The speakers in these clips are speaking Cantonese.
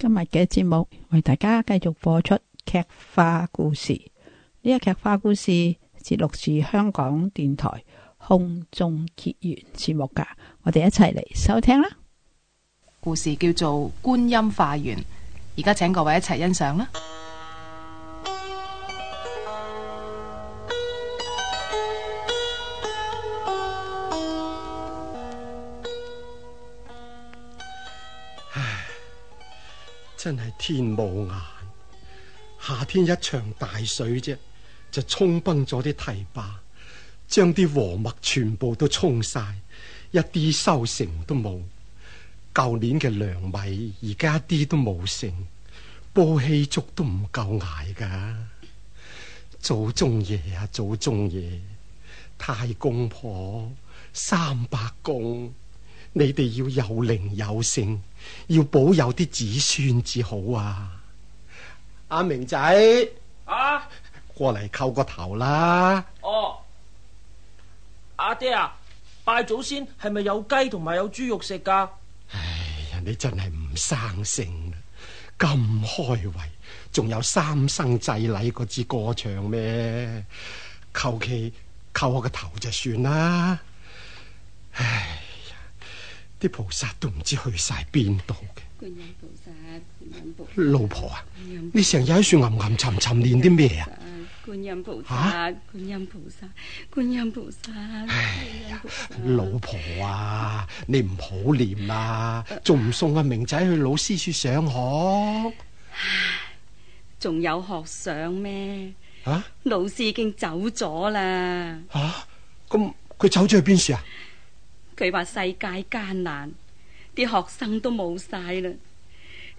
今日嘅節目為大家繼續播出劇化故事，呢個劇化故事節錄自香港電台空中結緣節目噶，我哋一齊嚟收聽啦。故事叫做《觀音化緣》，而家請各位一齊欣賞啦。真係天無眼，夏天一場大水啫，就沖崩咗啲堤壩，將啲禾麥全部都沖晒，一啲收成都冇。舊年嘅糧米而家一啲都冇剩，煲氣粥都唔夠挨噶。祖宗爺啊，祖宗爺，太公婆三百公。你哋要有靈有性，要保佑啲子孫至好啊！阿、啊、明仔，啊，過嚟叩個頭啦！哦，阿、啊、爹啊，拜祖先係咪有雞同埋有豬肉食噶？唉，人哋真係唔生性啦，咁開胃，仲有三生祭禮嗰支歌唱咩？求其叩我個頭就算啦。啲菩薩都唔知去晒邊度嘅。觀音菩薩，老婆啊，哎、呀你成日喺樹吟吟沉沉念啲咩啊？觀音菩薩，觀音菩薩，觀音菩薩。老婆啊，你唔好念啊，仲唔送阿明仔去老師處上學？仲、啊、有學上咩？啊？老師已經走咗啦、啊。啊？咁佢走咗去邊處啊？啊啊佢話世界艱難，啲學生都冇晒啦。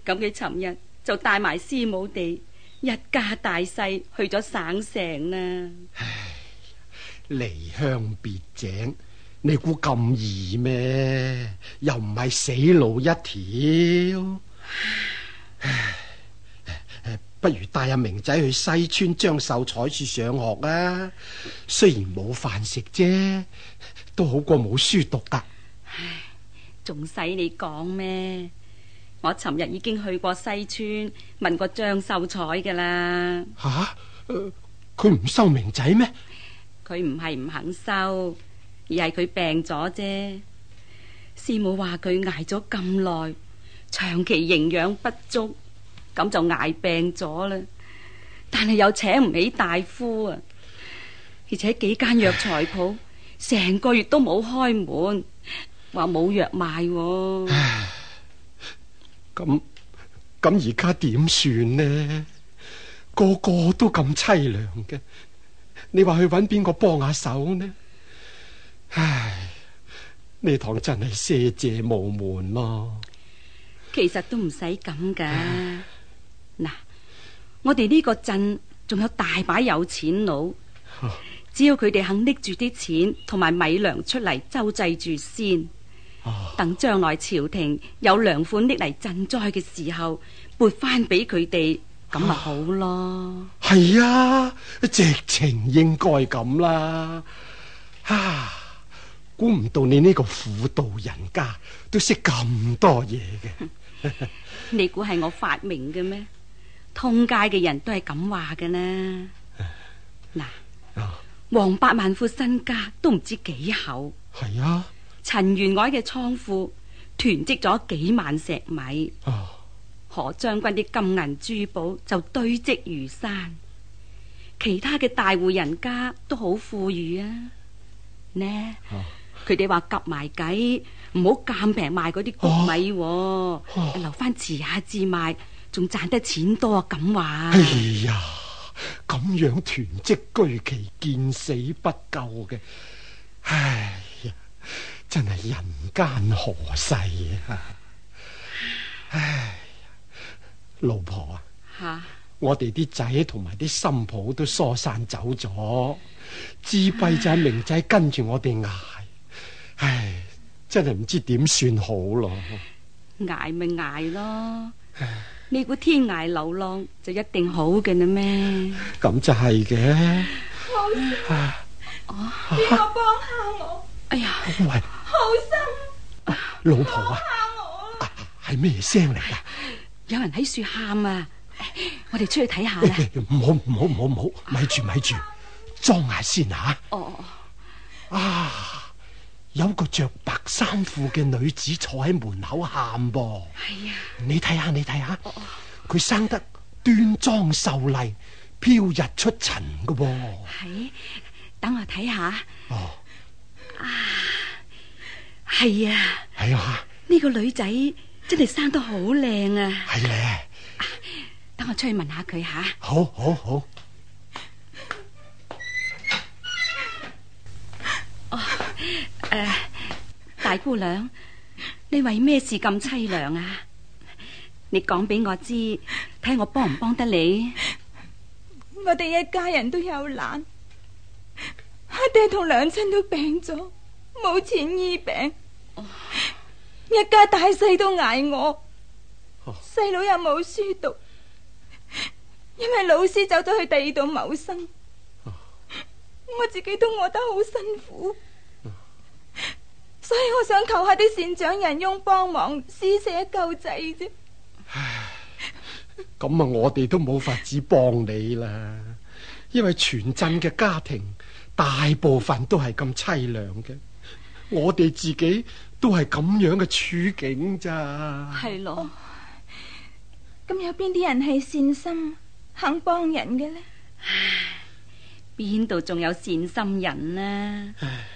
咁佢尋日就帶埋師母地一家大細去咗省城啦。唉，離鄉別井，你估咁易咩？又唔係死路一條。唉，不如帶阿明仔去西村張秀彩處上學啊。雖然冇飯食啫。都好過冇書讀噶，唉，仲使你講咩？我尋日已經去過西村問過張秀彩噶啦。吓，啊，佢，呃，唔收名仔咩？佢唔係唔肯收，而係佢病咗啫。師母話佢捱咗咁耐，長期營養不足，咁就捱病咗啦。但係又請唔起大夫啊，而且幾間藥材鋪。成個月都冇開門，話冇藥賣、啊。咁咁而家點算呢？個個都咁淒涼嘅，你話去揾邊個幫下手呢？唉，呢堂真係賒借無門咯、啊。其實都唔使咁噶。嗱唉，我哋呢個鎮仲有大把有錢佬。哦只要佢哋肯拎住啲錢同埋米糧出嚟周濟住先，啊、等將來朝廷有糧款拎嚟賑災嘅時候撥翻俾佢哋，咁咪好咯。係啊，啊直情應該咁啦。啊，估唔到你呢個苦道人家都識咁多嘢嘅。 你估係我發明嘅咩？通街嘅人都係咁話嘅啦。嗱、啊。啊王百萬副身家都唔知幾厚，係啊！陳元凱嘅倉庫囤積咗幾萬石米，啊、何將軍啲金銀珠寶就堆積如山，其他嘅大戶人家都好富裕啊！呢，佢哋話夾埋計唔好咁平賣嗰啲谷米、啊，啊啊、留翻遲下至賣，仲賺得錢多啊！咁話。哎呀！咁樣囤積居奇，見死不救嘅，唉呀，真係人間何世啊！哎，老婆啊，我哋啲仔同埋啲新抱都疏散走咗，自閉仔、明仔跟住我哋挨，唉，真係唔知點算好捱捱咯，挨咪挨咯。你估天涯流浪就一定好嘅啦咩？咁就係嘅。好心，啊，邊個幫下我？哎呀呦，喂，好心，老婆啊，係咩聲嚟噶？有人喺樹喊啊！我哋出去睇下啦。唔好，唔好，唔好，唔好，咪住，咪住，裝下先吓、啊。哦，啊。有個着白衫褲嘅女子坐喺門口喊噃，係啊，啊你睇下，你睇下，佢生得端莊秀麗、飄逸出塵嘅噃。係，等我睇下。哦，啊，係啊，係啊，呢個女仔真係生得好靚啊。係咧、啊啊，等我出去問，問下佢吓。好，好，好。哦 誒，uh, 大姑娘，你為咩事咁凄涼啊？你講俾我知，睇我幫唔幫得你？我哋一家人都有難，阿爹同娘親都病咗，冇錢醫病，uh, 一家大細都挨餓，細佬、uh, 又冇書讀，因為老師走咗去第二度謀生，uh, 我自己都餓得好辛苦。所以我想求下啲善長人翁幫忙施捨救濟啫。咁啊，我哋都冇法子幫你啦，因為全鎮嘅家庭大部分都係咁淒涼嘅，我哋自己都係咁樣嘅處境咋？係咯？咁有邊啲人係善心肯幫人嘅呢？邊度仲有善心人呢、啊？唉。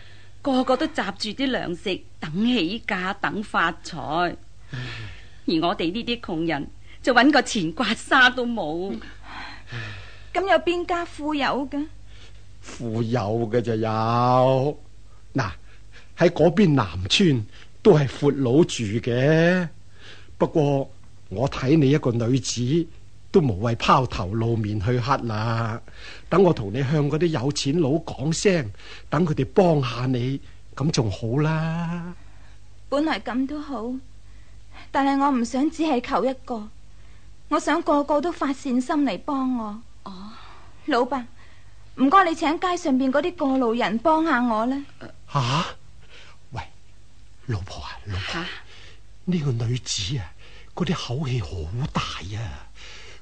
個個都集住啲糧食，等起價，等發財。而我哋呢啲窮人，就揾個錢刮沙都冇。咁有邊家富有嘅？富有嘅就有。嗱，喺嗰邊南村都係闊佬住嘅。不過我睇你一個女子。都無謂拋頭露面去乞啦，等我同你向嗰啲有錢佬講聲，等佢哋幫下你，咁仲好啦。本來咁都好，但係我唔想只係求一個，我想個個都發善心嚟幫我。哦，老伯，唔該你請街上邊嗰啲過路人幫下我啦。吓、啊，喂，老婆啊，老婆！呢、啊、個女子啊，嗰啲口氣好大呀、啊。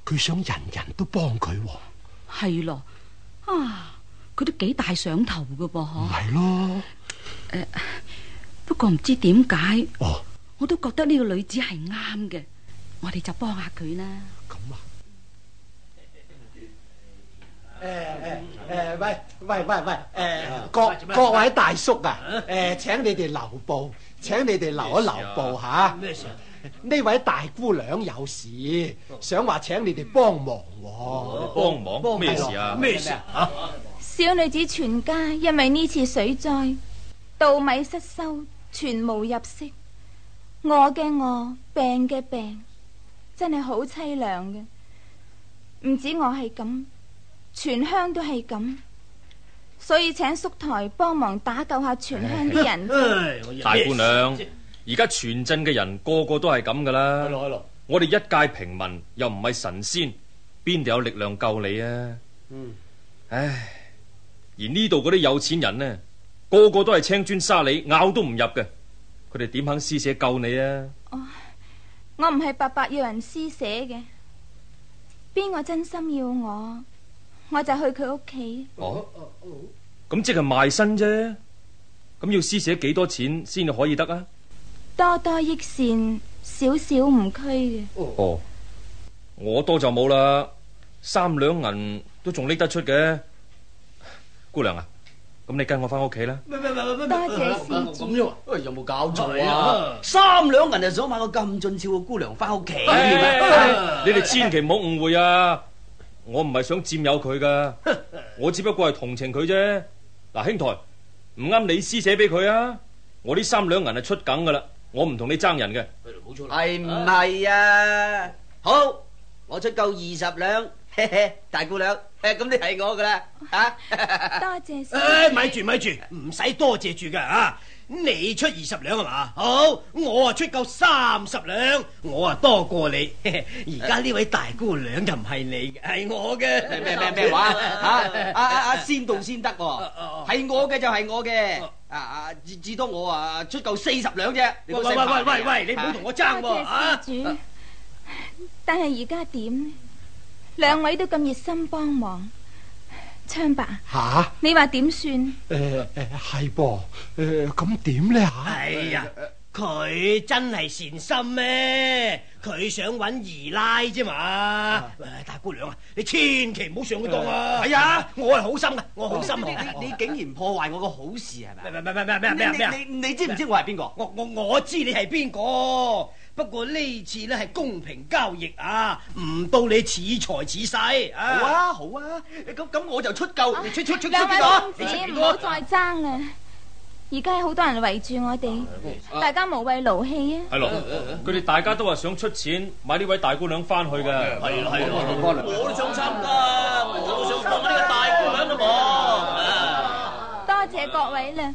佢想人人都幫佢，係咯啊！佢都幾大想頭噶噃，係咯。誒，不過唔知點解，我都覺得呢個女子係啱嘅，我哋就幫下佢啦。咁啊！誒誒誒，喂喂喂喂，誒各各位大叔啊，誒，請你哋留步，請你哋留一留步吓。咩事？呢位大姑娘有事，想話請你哋幫忙。哦，幫忙？幫忙？咩事啊？咩事啊？小女子全家因為呢次水災，稻米失收，全無入息。我嘅我病嘅病，真係好淒涼嘅。唔止我係咁，全鄉都係咁，所以請叔台幫忙打救下全鄉啲人。 大姑娘。 而家全鎮嘅人個個都係咁噶啦，我哋一介平民又唔係神仙，邊度有力量救你啊？嗯，唉，而呢度嗰啲有錢人呢，個個都係青磚沙里咬都唔入嘅，佢哋點肯施捨救你啊？哦，我我唔係白白要人施捨嘅，邊個真心要我，我就去佢屋企。哦，咁即係賣身啫，咁要施捨幾多錢先可以得啊？多多益善，少少唔拘嘅。哦，oh. oh. 我多就冇啦，三兩銀都仲拎得出嘅。姑娘啊，咁你跟我翻屋企啦。麼多謝施主 才。咁有冇搞錯啊？ 三兩銀就想買個咁俊俏嘅姑娘翻屋企？你哋千祈唔好誤會啊！我唔係想佔有佢噶，我只不過係同情佢啫。嗱，兄台，唔啱你施捨俾佢啊！我呢三兩銀係出梗噶啦。我唔同你爭人嘅，係唔係啊？好，我出夠二十兩， 大姑娘，咁你係我噶啦， 多謝。誒，咪住，咪住，唔使多謝住噶啊！你出二十兩吖嘛？好，我啊出夠三十兩，我啊多過你。而家呢位大姑娘就唔係你嘅，係我嘅。咩咩咩話？吓、 啊！阿、啊、阿、啊、先到先得、哦，係我嘅就係我嘅。啊啊！至多我啊出夠四十兩啫。喂喂喂喂喂！你唔好同我爭喎、啊，吓！啊、但係而家點呢？兩位都咁熱心幫忙。昌伯吓，Started, 哈你話點算？誒誒係噃，誒咁點咧吓？哎呀，佢真係善心咩、啊？佢想揾二奶啫嘛！大姑娘啊，你千祈唔好上佢當啊！係啊，我係好心㗎，我好心你啊！你你竟然破壞我個好事係咪？咩咩咩咩咩咩咩咩？你你,你,你知唔知我係邊個？我我我知你係邊個？不過呢次呢係公平交易啊，唔到你恃財恃勢啊！好啊，好啊，咁咁我就出夠，啊、你出出出出畀我。點解唔好再爭啊？而家好多人圍住我哋，大家無謂勞氣啊！係咯，佢哋大家都話想出錢買呢位大姑娘翻去嘅，係啦係啦。我都想參加，我都想搶呢個大姑娘啊！嘛，多謝各位啦。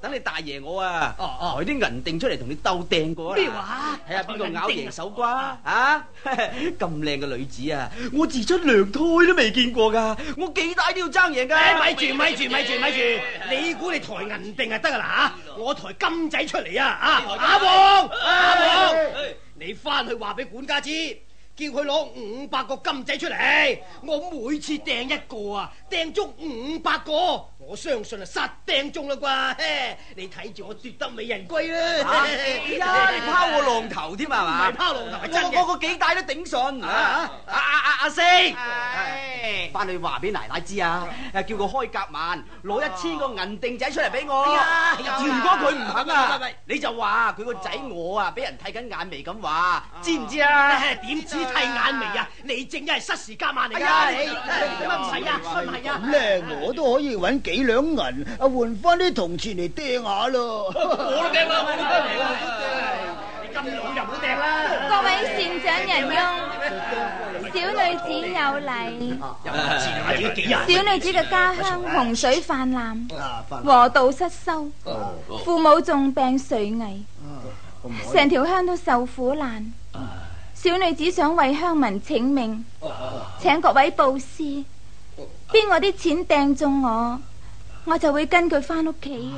等你大爺我啊！哦哦、啊，抬啲銀錠出嚟同你鬥掟過啦！咩話？睇下邊度？咬贏手瓜啊！咁靚嘅女子啊，我自出娘胎都未見過噶。我幾大都要爭贏噶！咪住咪住咪住咪住，你估你抬銀錠就得噶啦吓？我抬金仔出嚟啊！阿王阿王，你翻去話俾管家知。叫佢攞五百個金仔出嚟，我每次掟一個啊，掟足五百個，我相信啊實掟中啦啩，你睇住我奪得美人歸啦！你呀，拋個浪頭添啊嘛，拋浪頭係真嘅，我我個幾大都頂順啊！啊啊阿阿四，翻去話俾奶奶知啊，叫佢開夾萬攞一千個銀錠仔出嚟俾我。如果佢唔肯啊，你就話佢個仔我啊，俾人睇緊眼眉咁話，知唔知啊？點知？睇眼眉啊！你正一係失時加慢嚟啊！你點解唔係啊？唔係啊？咁咧，我都可以揾幾兩銀啊，換翻啲銅錢嚟掟下咯。我都掟啦，我都掟嚟啦。金兩就唔好掟啦。各位善長仁翁，小女子有禮。有啊，字啊，字啊，幾日？小女子嘅家鄉洪水泛濫，禾稻失收，父母重病垂危，成條鄉都受苦難。小女子想為鄉民請命，請各位布施，邊個啲錢掟中我，我就會跟佢翻屋企。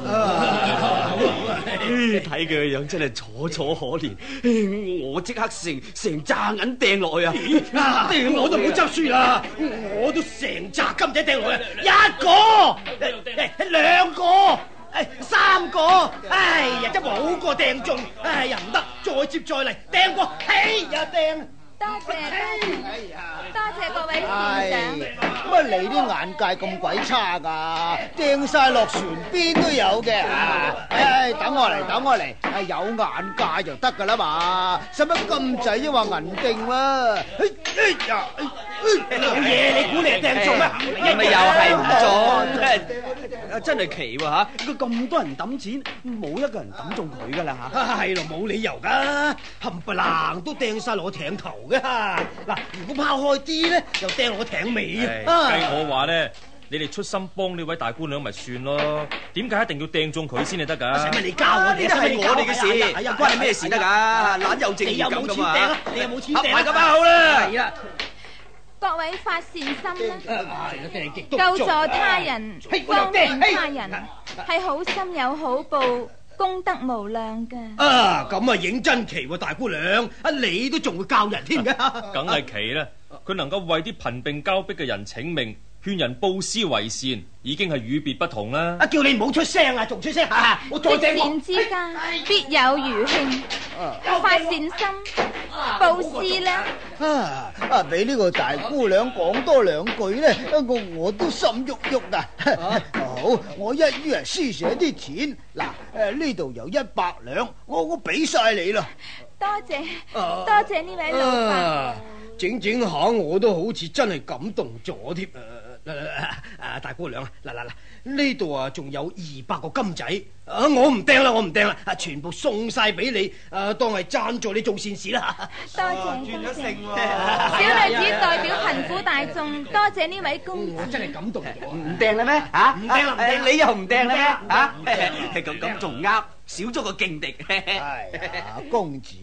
睇佢個樣真係楚楚可憐，我即刻成成紮銀掟落去啊！我都唔好執輸啦，我都成紮金仔掟落去，一個、兩個。三個，哎呀，真冇個掟中，哎呀唔得，再接再嚟，掟過，哎呀，掟，多謝，哎呀，多謝各位先生，乜你啲眼界咁鬼差噶？掟晒落船邊都有嘅，哎，等我嚟，等我嚟，有眼界就得噶啦嘛，使乜咁仔都話銀錠啦，哎哎呀。老嘢，你估你係掟中咩？咪又係唔中？真係奇喎嚇！咁多人抌錢，冇一個人抌中佢噶啦嚇！係咯，冇理由噶，冚唪唥都掟晒落我艇頭噶嚇。嗱，如果拋開啲咧，又掟落我艇尾啊！計我話咧，你哋出心幫呢位大姑娘咪算咯？點解一定要掟中佢先至得噶？使乜你教我哋？都係我哋嘅事，關你咩事得噶？懶有正義感噶嘛？合埋個把口啦！各位發善心啦，啊、救助他人、嘿方便他人，係嘿好心有好報，功德無量嘅。啊，咁啊認真奇喎、啊，大姑娘，啊你都仲會教人添、啊、嘅，梗係、啊、奇啦！佢能夠為啲貧病交逼嘅人請命。勸人布施為善，已經係與別不同啦！啊，叫你唔好出聲啊，仲出聲！啊，我再謝你。善之家、哎、必有餘慶，啊啊、快善心布施啦！啊啊，俾呢、啊啊、個大姑娘講多兩句咧，我我都心喐喐嗱。啊、 好，我一於係施捨啲錢嗱，誒呢度有一百兩，我我俾晒你啦。多謝多謝呢位老闆、啊，整整下我都好似真係感動咗添啊！誒誒誒！誒大姑娘啊，嚟嚟嚟！呢度啊仲有二百個金仔啊！我唔掟啦，我唔掟啦！全部送晒俾你，誒當係贊助你做善事啦！多謝多謝，小女子代表貧苦大眾，多謝呢位公主。我真係感動，唔掟啦咩？吓，唔掟？你又唔掟啦咩？吓，咁咁仲啱，少咗個勁敵。係公子，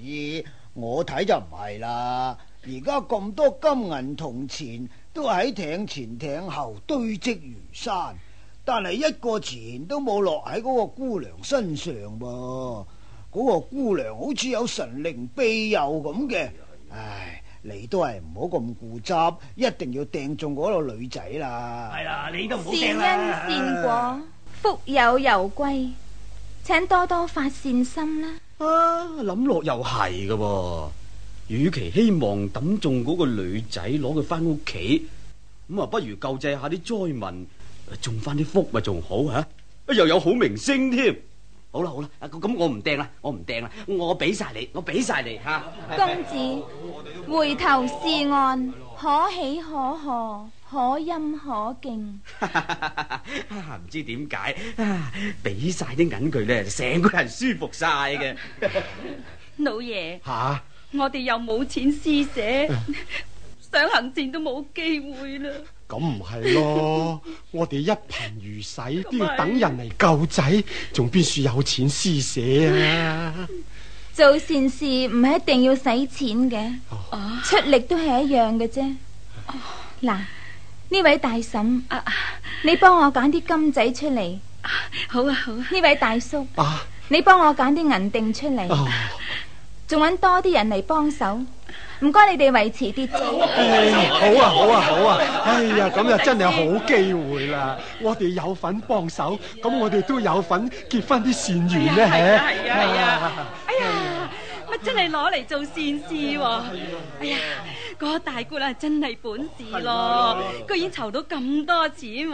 我睇就唔係啦。而家咁多金銀銅錢。都喺艇前艇後堆積如山，但係一個錢都冇落喺嗰個姑娘身上噃。嗰、那個姑娘好似有神靈庇佑咁嘅。哎哎、唉，你都係唔好咁固執，一定要掟中嗰個女仔啦。係啦、啊，你都唔好掟啦。善因善果，啊、福有攸歸，請多多發善心啦。啊，諗落又係噶噃。與其希望揼中嗰個女仔攞佢翻屋企，咁啊不如救濟下啲災民，種翻啲福咪仲好嚇，又有好明星添。好啦好啦，咁我唔掟啦，我唔掟啦，我俾曬你，我俾曬你嚇。公子，回頭是岸，可喜可賀，可欽可敬。唔知點解俾曬啲銀佢咧，成個人舒服曬嘅。老爺嚇。我哋又冇錢施捨，想行善都冇機會啦。咁唔係咯，我哋一貧如洗，都要等人嚟救仔，仲邊處有錢施捨啊？做善事唔係一定要使錢嘅哦，出力都係一樣嘅啫。嗱，呢位大嬸，你幫我揀啲金仔出嚟。好啊好啊，呢位大叔，你幫我揀啲銀錠出嚟。仲搵多啲人嚟幫手，唔該你哋維持秩序。好啊好啊好啊！哎呀，咁又真係好機會啦！我哋有份幫手，咁我哋都有份結翻啲善緣咧。係啊係啊，哎呀，乜真係攞嚟做善事喎！哎呀，嗰個大姑娘啊，真係本事咯，居然籌到咁多錢，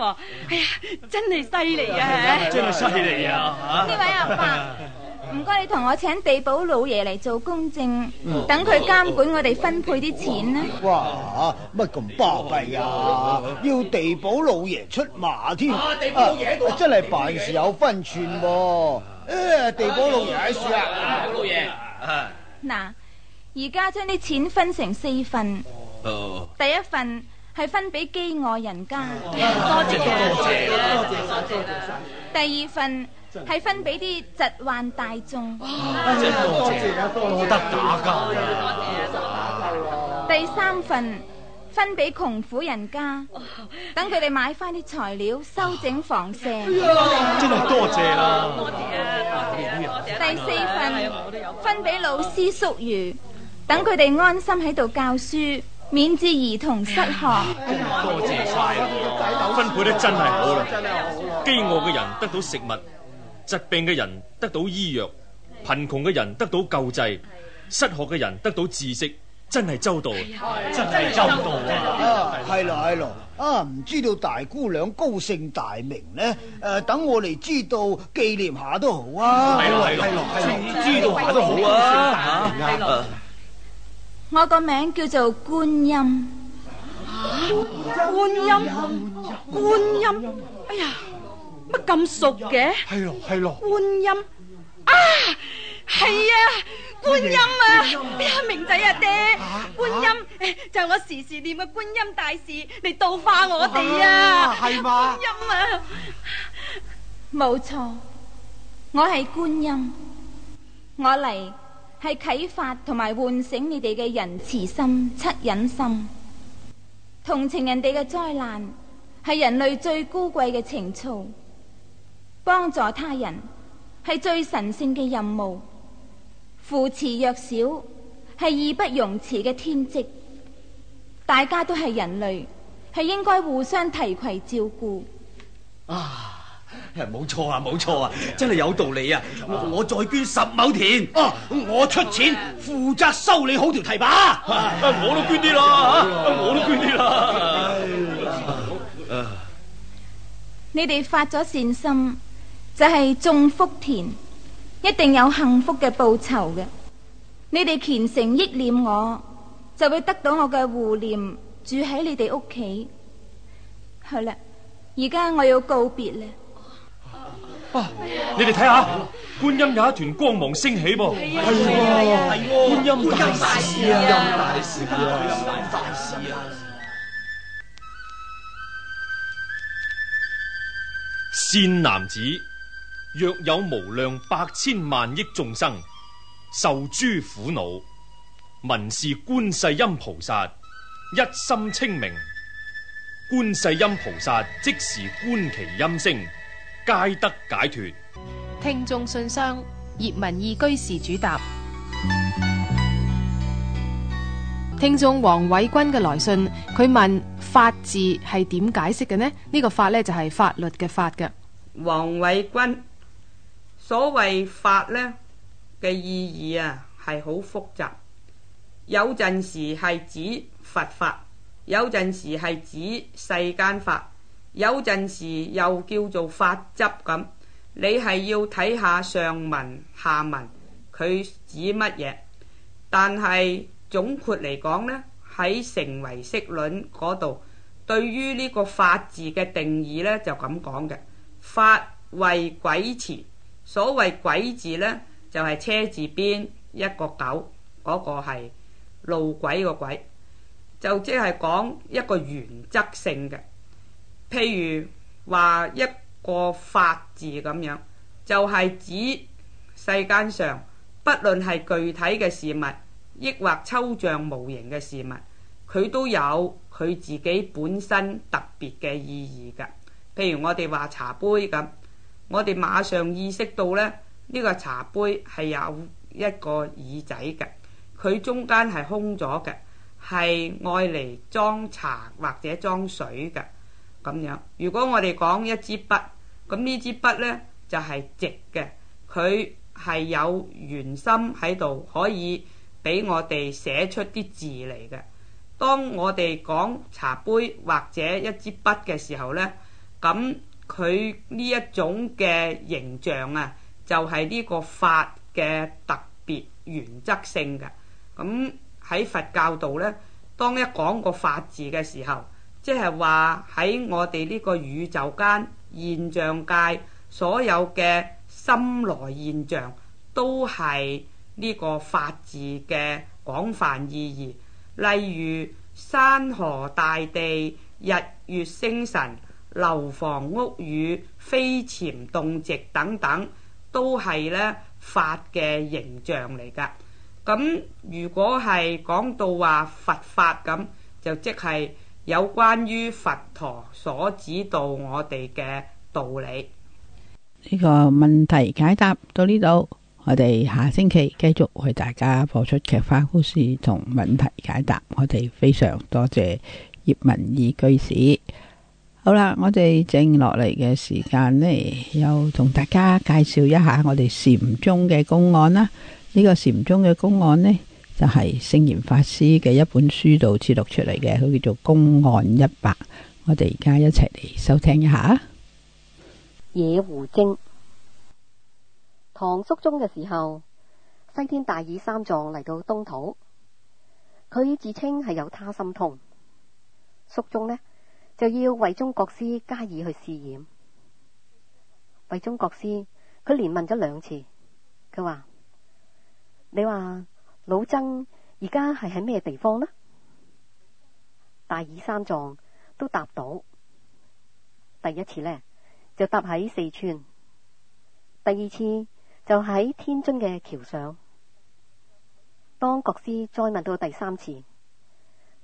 哎呀，真係犀利啊！真係犀利啊！呢位阿伯。唔該，你同我請地保老爺嚟做公證，等佢監管我哋分配啲錢啦。哇，乜咁巴閉呀？要地保老爺出馬添？地保老爺喺度，真係辦事有分寸喎。地保老爺喺處啊，地保老爺。嗱，而家將啲錢分成四份，第一份係分俾饑餓人家，多謝多謝多謝多謝。第二份。係分俾啲疾患大眾，多謝多謝，得打噶。第三份分俾窮苦人家，等佢哋買翻啲材料修整房舍。真係多謝啦！第四份分俾老師宿儒，等佢哋安心喺度教書，免至兒童失學。多謝晒，分配得真係好啦，饑餓嘅人得到食物，疾病嘅人得到醫藥，貧窮嘅人得到救濟，失學嘅人得到知識，真係周到，真係周到啊！係咯係咯，啊唔知道大姑娘高姓大名呢？誒，等我嚟，知道紀念下都好啊！係咯係咯係咯，知道下都好啊！我個名叫做觀音，觀音觀音，哎呀！乜咁熟嘅？係咯，係咯。觀音啊，係啊，觀音啊！啊明仔啊，啊爹，觀音，啊哎，就係，我時時念嘅觀音大士嚟度化我哋啊！係嘛，啊？觀音啊，冇錯，我係觀音，我嚟係啟發同埋喚醒你哋嘅仁慈心、惻隱心，同情人哋嘅災難，係人類最高貴嘅情操。幫助他人係最神聖嘅任務，扶持弱小係義不容辭嘅天職。大家都係人類，係應該互相提攜照顧。啊，冇錯啊，冇錯啊，真係有道理啊！我再捐十畝田，哦，我出錢負責修理好條堤壩，我都捐啲啦，我都捐啲啦。你哋發咗善心。就係種福田，一定有幸福嘅報酬嘅。你哋虔誠憶念我，就會得到我嘅護念，住喺你哋屋企。好啦，而家我要告別啦。哇！你哋睇下，觀音有一團光芒升起噃，係喎、啊！啊、觀音大士啊！觀音大士啊！大大士啊！善、啊、 男子。若有無量百千萬億眾生受諸苦惱，聞是觀世音菩薩，一心清明，觀世音菩薩即時觀其音聲，皆得解脱。聽眾信箱葉文義居士主答。聽眾黃偉軍嘅來信，佢問法治係點解釋嘅呢？呢個法呢，就係法律嘅法嘅。黃偉軍。所謂法呢，嘅意義啊，係好複雜。有陣時係指佛法，有陣時係指世間法，有陣時又叫做法執咁。你係要睇下上文下文，佢指乜嘢？但係總括嚟講呢，喺成唯識論嗰度，對於呢個法字嘅定義呢，就咁講嘅。法謂軌持。所謂鬼字呢，就係、是、車字邊一個九，嗰、那個係路軌個鬼，就即係講一個原則性嘅。譬如話一個法字咁樣，就係、是、指世間上，不論係具體嘅事物，抑或抽象無形嘅事物，佢都有佢自己本身特別嘅意義嘅。譬如我哋話茶杯咁。我哋馬上意識到咧，呢、呢個茶杯係有一個耳仔嘅，佢中間係空咗嘅，係愛嚟裝茶或者裝水嘅咁樣。如果我哋講一支筆，咁呢支筆呢就係、是、直嘅，佢係有圓心喺度，可以俾我哋寫出啲字嚟嘅。當我哋講茶杯或者一支筆嘅時候呢，咁。佢呢一種嘅形象啊，就係呢個法嘅特別原則性嘅。咁喺佛教度呢，當一講個法字嘅時候，即係話喺我哋呢個宇宙間現象界所有嘅心內現象，都係呢個法字嘅廣泛意義。例如山河大地、日月星辰、樓房屋宇飛潛動植等等，都係咧法嘅形象嚟噶。咁如果係講到話佛法咁，就即係有關於佛陀所指導我哋嘅道理。呢個問題解答到呢度，我哋下星期繼續為大家播出劇化故事同問題解答。我哋非常多謝葉文義居士。好啦，我哋剩落嚟嘅時間呢，又同大家介紹一下我哋禪宗嘅公案啦。呢、這個禪宗嘅公案呢，就係聖嚴法師嘅一本書度記錄出嚟嘅，佢叫做《公案一百》。我哋而家一齊嚟收聽一下《野狐精》。唐肅宗嘅時候，西天大耳三藏嚟到東土，佢自稱係有他心通。肅宗呢，就要慧中國師加以去試驗。慧中國師，佢連問咗兩次，佢話：你話老僧而家係喺咩地方呢？大耳三藏都答到，第一次呢，就答喺四川，第二次就喺天津嘅橋上。當國師再問到第三次，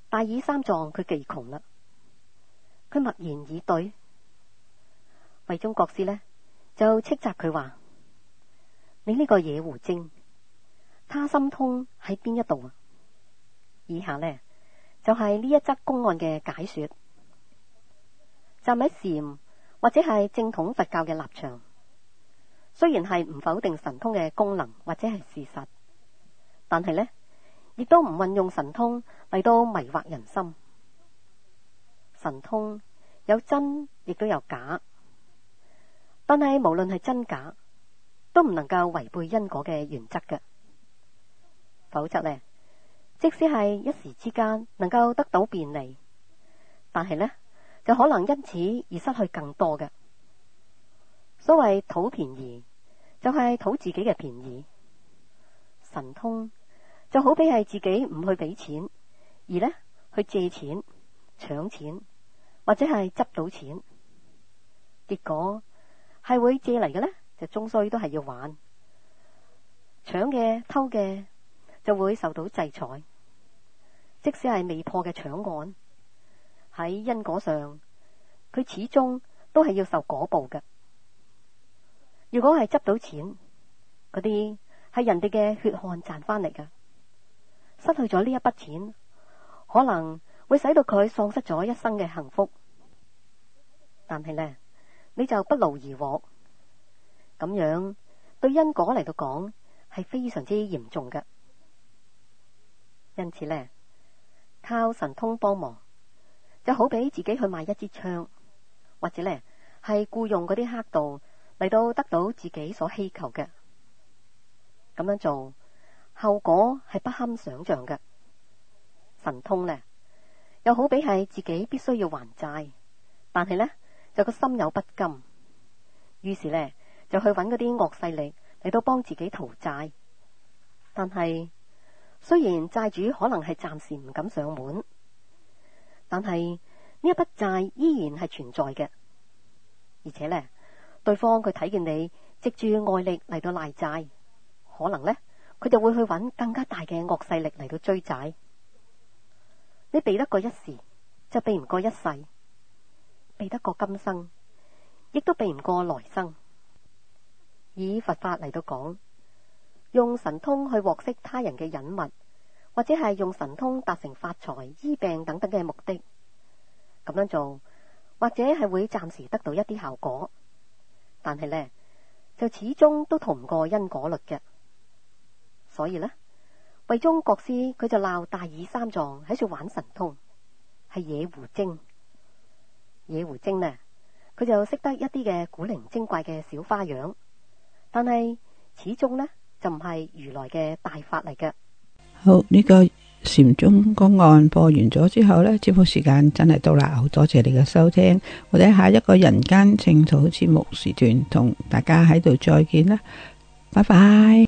大耳三藏佢技窮啦。佢默然以對，慧忠國師呢，就斥責佢話：你呢個野狐精，他心通喺邊一度啊！以下呢，就係呢一則公案嘅解說，站喺禪或者係正統佛教嘅立場，雖然係唔否定神通嘅功能或者係事實，但係呢，亦都唔運用神通嚟到迷惑人心。神通有真亦都有假，但係無論係真假，都唔能夠違背因果嘅原則嘅。否則呢，即使係一時之間能夠得到便利，但係呢，就可能因此而失去更多嘅。所謂討便宜，就係、是、討自己嘅便宜。神通就好比係自己唔去俾錢，而呢，去借錢搶錢。或者係執到錢，結果係會借嚟嘅呢，就終須都係要還。搶嘅、偷嘅就會受到制裁。即使係未破嘅搶案，喺因果上，佢始終都係要受果報嘅。如果係執到錢，嗰啲係人哋嘅血汗賺翻嚟㗎，失去咗呢一筆錢，可能會使到佢喪失咗一生嘅幸福。但係呢，你就不勞而獲，咁樣對因果嚟到講係非常之嚴重嘅。因此呢，靠神通幫忙就好比自己去買一支槍，或者呢係雇傭嗰啲黑道嚟到得到自己所希求嘅。咁樣做後果係不堪想象嘅。神通呢，又好比係自己必須要還債，但係呢，就個心有不甘，於是呢，就去揾嗰啲惡勢力嚟到幫自己逃債。但係雖然債主可能係暫時唔敢上門，但係呢一筆債依然係存在嘅。而且呢，對方佢睇見你藉住外力嚟到賴債，可能呢，佢就會去揾更加大嘅惡勢力嚟到追債。你避得過一時，就避唔過一世。避得過今生，亦都避唔過來生。以佛法嚟到講，用神通去獲悉他人嘅隱密，或者係用神通達成發財、醫病等等嘅目的，咁樣做，或者係會暫時得到一啲效果，但係呢，就始終都逃唔過因果律嘅。所以呢，慧中國師佢就鬧大耳三藏喺處玩神通，係野狐精。野狐精咧，佢就識得一啲嘅古靈精怪嘅小花樣，但係始終呢就唔係如來嘅大法嚟嘅。好，呢個禪宗公案播完咗之後呢，節目時間真係到啦，好多謝你嘅收聽，我哋下一個人間淨土節目時段同大家喺度再見啦，拜拜。